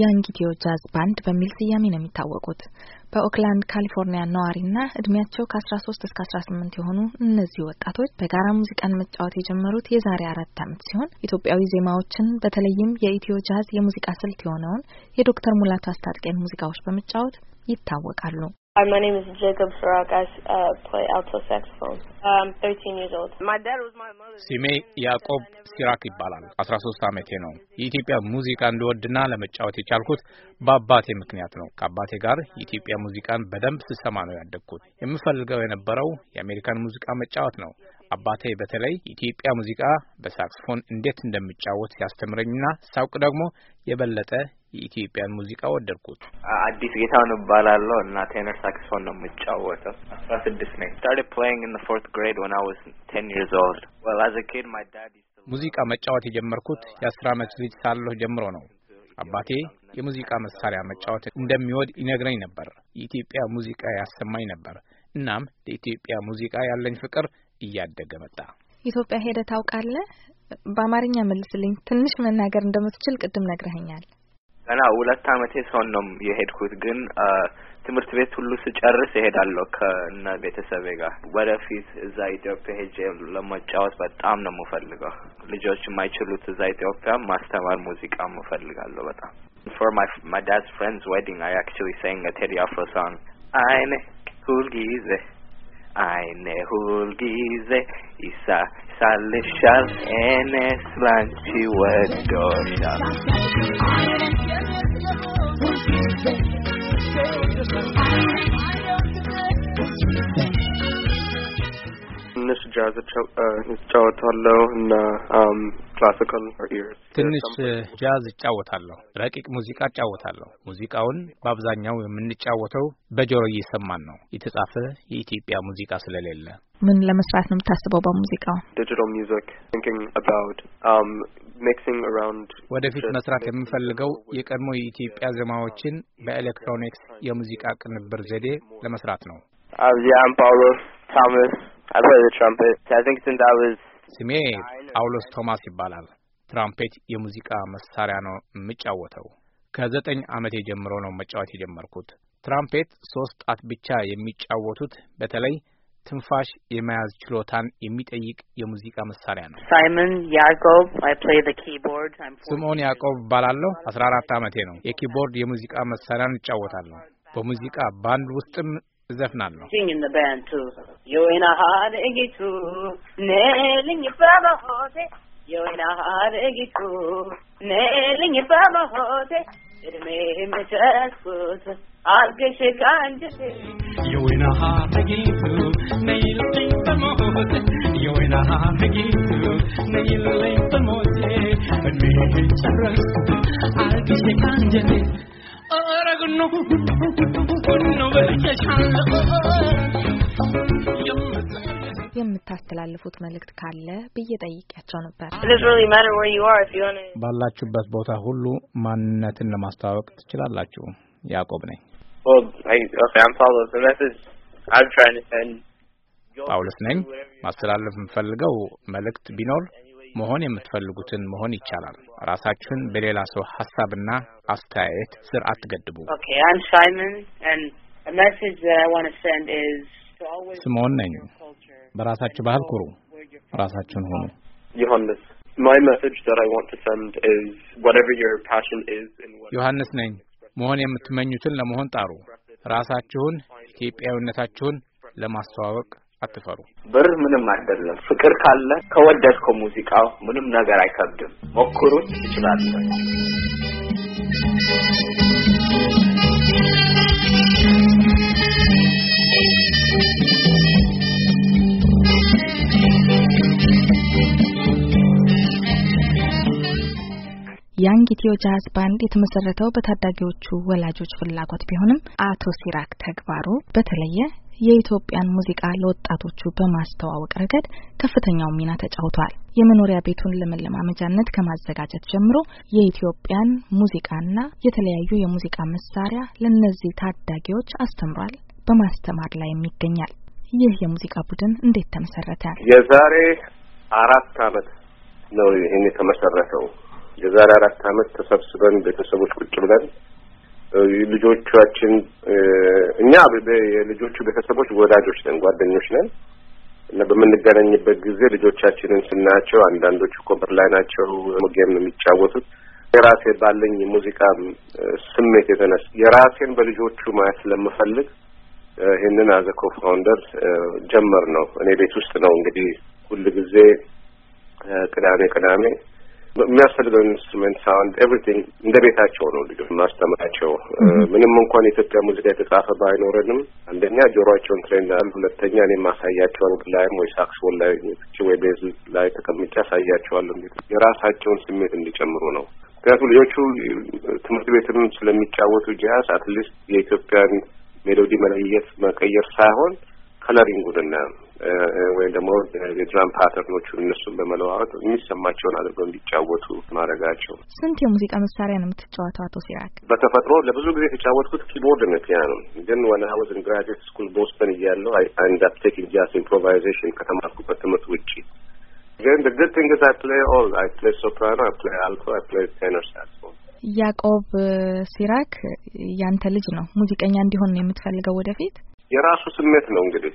ያንግ ኢትዮ ጃዝ ባንድ በሚል ስያሜ ነው የሚታወቁት። በኦክላንድ ካሊፎርኒያ ነዋሪና እድሜያቸው ከ13 እስከ 18 የሆኑ እነዚህ ወጣቶች በጋራ ሙዚቃን መጫወት የጀመሩት የዛሬ አራት ዓመት ሲሆን ኢትዮጵያዊ ዜማዎችን በተለይም የኢትዮ ጃዝ የሙዚቃ ስልት የሆነውን የዶክተር ሙላቱ አስታጥቄን ሙዚቃዎች በመጫወት ይታወቃሉ። Hi, my name is Jacob Farag. I uh, play alto saxophone. I'm 13 years old. My dad was my mother. ስሜ ያዕቆብ ሲራክ ይባላል። 13 ዓመቴ ነው። የኢትዮጵያ ሙዚቃ እንድወድና ለመጫወት የቻልኩት በአባቴ ምክንያት ነው። ከአባቴ ጋር የኢትዮጵያ ሙዚቃን በደንብ ስሰማ ነው ያደግኩት። የምፈልገው የነበረው የአሜሪካን ሙዚቃ መጫወት ነው። አባቴ በተለይ የኢትዮጵያ ሙዚቃ በሳክስፎን እንዴት እንደሚጫወት ያስተምረኝና ሳውቅ ደግሞ የበለጠ የኢትዮጵያን ሙዚቃ ወደድኩት። አዲስ ነው እባላለሁ እና ቴነር ሳክስፎን ነው የምጫወተው። አስራ ስድስት ነኝ። ስታርትድ ፕሌይንግ ኢን ዘ ፎርት ግሬድ ወን አይ ዋዝ ቴን ይርስ ኦልድ ዌል አዝ አ ኪድ ማይ ዳድ ሙዚቃ መጫወት የጀመርኩት የአስር ዓመት ልጅ ሳለሁ ጀምሮ ነው። አባቴ የሙዚቃ መሳሪያ መጫወት እንደሚወድ ይነግረኝ ነበር። የኢትዮጵያ ሙዚቃ ያሰማኝ ነበር። እናም ለኢትዮጵያ ሙዚቃ ያለኝ ፍቅር እያደገ መጣ። ኢትዮጵያ ሄደ ታውቃለ? በአማርኛ መልስልኝ። ትንሽ መናገር እንደምትችል ቅድም ነግረኸኛል። ገና ሁለት አመቴ ሰውን ነው የሄድኩት፣ ግን ትምህርት ቤት ሁሉ ስጨርስ እሄዳለሁ ከእነ ቤተሰቤ ጋር። ወደፊት እዛ ኢትዮጵያ ሄጄ ለመጫወት በጣም ነው የምፈልገው። ልጆች የማይችሉት እዛ ኢትዮጵያ ማስተማር ሙዚቃ እፈልጋለሁ በጣም። For my my dad's friend's wedding, I actually sang a Teddy Afro song. i'm cool geezer Eine hulgize isa salishal enes lanchi wedosha. ጃዝ እጫወታለሁ እና ክላሲካል ትንሽ ጃዝ እጫወታለሁ። ረቂቅ ሙዚቃ እጫወታለሁ። ሙዚቃውን በአብዛኛው የምንጫወተው በጆሮ እየሰማን ነው፣ የተጻፈ የኢትዮጵያ ሙዚቃ ስለሌለ። ምን ለመስራት ነው የምታስበው በሙዚቃው? ዲጂታል ቲንኪንግ አባውት ወደፊት መስራት የምፈልገው የቀድሞ የኢትዮጵያ ዜማዎችን በኤሌክትሮኒክስ የሙዚቃ ቅንብር ዘዴ ለመስራት ነው። አብዚያም ጳውሎስ ታምስ ስሜ ጳውሎስ ቶማስ ይባላል። ትራምፔት የሙዚቃ መሳሪያ ነው የምጫወተው። ከዘጠኝ ዓመቴ ጀምሮ ነው መጫወት የጀመርኩት። ትራምፔት ሶስት ጣት ብቻ የሚጫወቱት በተለይ ትንፋሽ የመያዝ ችሎታን የሚጠይቅ የሙዚቃ መሳሪያ ነው። ሳይመን ያዕቆብ ስምዖን ያዕቆብ እባላለሁ። አስራ አራት ዓመቴ ነው። የኪቦርድ የሙዚቃ መሳሪያን እጫወታለሁ። በሙዚቃ ባንድ ውስጥም Zefnano. Sing in the band too. You in a hard eggy Nailing your brother hote. You in a hard eggy Nailing your brother hote. It made him a chest foot. I'll get you You in a hard eggy too. Nailing the mote. You in a hard eggy Nailing the mote. It made him a chest foot. I'll get የምታስተላልፉት መልእክት ካለ ብዬ ጠይቄያቸው ነበር። ባላችሁበት ቦታ ሁሉ ማንነትን ለማስተዋወቅ ትችላላችሁ። ያዕቆብ ነኝ። ጳውሎስ ነኝ። ማስተላለፍ የምፈልገው መልእክት ቢኖር መሆን የምትፈልጉትን መሆን ይቻላል። ራሳችሁን በሌላ ሰው ሀሳብና አስተያየት ስር አትገድቡ። ስምዖን ነኝ። በራሳችሁ ባህል ኩሩ፣ ራሳችሁን ሆኑ። ዮሐንስ ዮሐንስ ነኝ። መሆን የምትመኙትን ለመሆን ጣሩ። ራሳችሁን ኢትዮጵያዊነታችሁን ለማስተዋወቅ አትፈሩ። ብር ምንም አይደለም። ፍቅር ካለ ከወደድከው ሙዚቃ ምንም ነገር አይከብድም። ሞክሩት፣ ትችላለህ። ያንግ ኢትዮ ጃዝ ባንድ የተመሰረተው በታዳጊዎቹ ወላጆች ፍላጎት ቢሆንም አቶ ሲራክ ተግባሩ በተለየ የኢትዮጵያን ሙዚቃ ለወጣቶቹ በማስተዋወቅ ረገድ ከፍተኛው ሚና ተጫውቷል። የመኖሪያ ቤቱን ለመለማመጃነት ከማዘጋጀት ጀምሮ የኢትዮጵያን ሙዚቃና የተለያዩ የሙዚቃ መሳሪያ ለእነዚህ ታዳጊዎች አስተምሯል፣ በማስተማር ላይ ይገኛል። ይህ የሙዚቃ ቡድን እንዴት ተመሰረተ? የዛሬ አራት አመት ነው ይህን የተመሰረተው። የዛሬ አራት አመት ተሰብስበን ቤተሰቦች ቁጭ ብለን ልጆቻችን እኛ የልጆቹ ቤተሰቦች ወዳጆች ነን፣ ጓደኞች ነን እና በምንገናኝበት ጊዜ ልጆቻችንን ስናያቸው አንዳንዶቹ ኮበር ላይ ናቸው፣ ሞጌም የሚጫወቱት። የራሴ ባለኝ ሙዚቃ ስሜት የተነሳ የራሴን በልጆቹ ማየት ስለምፈልግ ይህንን አዘ ኮ ፋውንደር ጀመር ነው። እኔ ቤት ውስጥ ነው እንግዲህ ሁል ጊዜ ቅዳሜ ቅዳሜ የሚያስፈልገው ኢንስትሩሜንት ሳውንድ ኤቭሪቲንግ እንደ ቤታቸው ነው ልጆች ማስተምራቸው። ምንም እንኳን የኢትዮጵያ ሙዚቃ የተጻፈ ባይኖረንም አንደኛ ጆሮቸውን ትሬን ላሉ፣ ሁለተኛ እኔ ማሳያቸዋል ላይም ወይ ሳክስፎን ላይ ወይ ቤዝ ላይ ተቀምጬ አሳያቸዋለሁ የራሳቸውን ስሜት እንዲጨምሩ ነው። ምክንያቱም ልጆቹ ትምህርት ቤትም ስለሚጫወቱ ጃዝ አትሊስት የኢትዮጵያን ሜሎዲ መለየት መቀየር ሳይሆን ከለሪንጉን እና ወይም ደግሞ የድራም ፓተርኖቹ እነሱን በመለዋወጥ የሚሰማቸውን አድርገው እንዲጫወቱ ማድረጋቸው። ስንት የሙዚቃ መሳሪያ ነው የምትጫወተው አቶ ሲራክ? በተፈጥሮ ለብዙ ጊዜ የተጫወትኩት ኪቦርድ ነው፣ ፒያኖ ግን ዋና ወዝን ግራጁዌት ስኩል ቦስተን እያለሁ አንድ አፕቴክ ጃዝ ኢምፕሮቫይዜሽን ከተማርኩበት ትምህርት ውጭ ግን ግድ ንግስ አይ ፕሌይ ኦል አይ ፕሌይ ሶፕራኖ አይ ፕሌይ አልቶ አይ ፕሌይ ቴነር ሳክስፎን። ያዕቆብ ሲራክ ያንተ ልጅ ነው ሙዚቀኛ እንዲሆን ነው የምትፈልገው ወደፊት? የራሱ ስሜት ነው እንግዲህ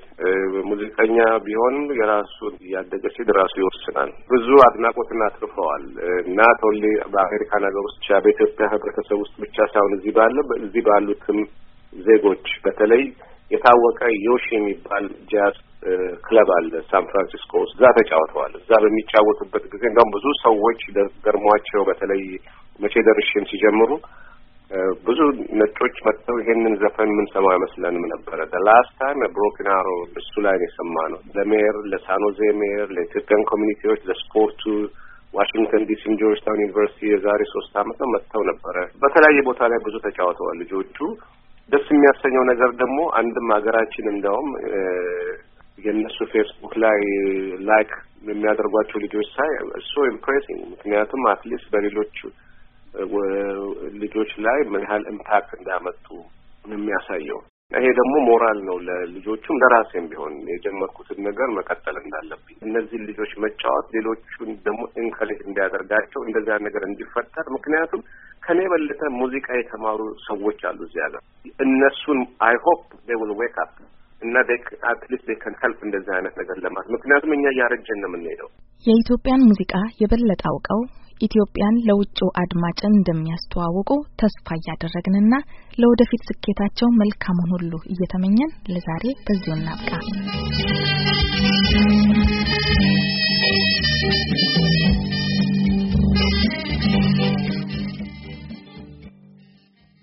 ሙዚቀኛ ቢሆን የራሱ ያደገ ሲል ራሱ ይወስናል። ብዙ አድናቆትና አትርፈዋል እና ተወሌ በአሜሪካን ሀገር ውስጥ ብቻ በኢትዮጵያ ህብረተሰብ ውስጥ ብቻ ሳይሆን እዚህ ባለ እዚህ ባሉትም ዜጎች በተለይ የታወቀ ዮሽ የሚባል ጃዝ ክለብ አለ ሳን ፍራንሲስኮ ውስጥ። እዛ ተጫውተዋል። እዛ በሚጫወቱበት ጊዜ እንዲሁም ብዙ ሰዎች ገርሟቸው በተለይ መቼ ደርሽም ሲጀምሩ ብዙ ነጮች መጥተው ይሄንን ዘፈን የምንሰማው አይመስለንም ነበረ። ላስት ታይም አሮ እሱ ላይ ነው የሰማነው። ለሜር ለሳኖዜ ሜር፣ ለኢትዮጵያን ኮሚኒቲዎች፣ ለስፖርቱ ዋሽንግተን ዲሲም ጆርጅ ታውን ዩኒቨርሲቲ የዛሬ ሶስት አመት ነው መጥተው ነበረ። በተለያየ ቦታ ላይ ብዙ ተጫውተዋል ልጆቹ። ደስ የሚያሰኘው ነገር ደግሞ አንድም ሀገራችን እንደውም የእነሱ ፌስቡክ ላይ ላይክ የሚያደርጓቸው ልጆች ሳይ ሶ ኢምፕሬሲንግ ምክንያቱም አትሊስት በሌሎቹ ልጆች ላይ ምን ያህል ኢምፓክት እንዳመጡ ነው የሚያሳየው። ይሄ ደግሞ ሞራል ነው ለልጆቹም ለራሴም ቢሆን የጀመርኩትን ነገር መቀጠል እንዳለብኝ እነዚህን ልጆች መጫወት ሌሎቹን ደግሞ ኢንከሬጅ እንዲያደርጋቸው እንደዚያ ነገር እንዲፈጠር ምክንያቱም ከኔ የበለጠ ሙዚቃ የተማሩ ሰዎች አሉ እዚህ ሀገር። እነሱን አይ ሆፕ ዴይ ዊል ዌክ አፕ እና አትሊስት ዴይ ከን ሄልፕ እንደዚህ አይነት ነገር ለማለት ምክንያቱም እኛ እያረጀን ነው የምንሄደው። የኢትዮጵያን ሙዚቃ የበለጠ አውቀው ኢትዮጵያን ለውጭው አድማጭን እንደሚያስተዋውቁ ተስፋ እያደረግንና ለወደፊት ስኬታቸው መልካሙን ሁሉ እየተመኘን ለዛሬ በዚሁ እናብቃ።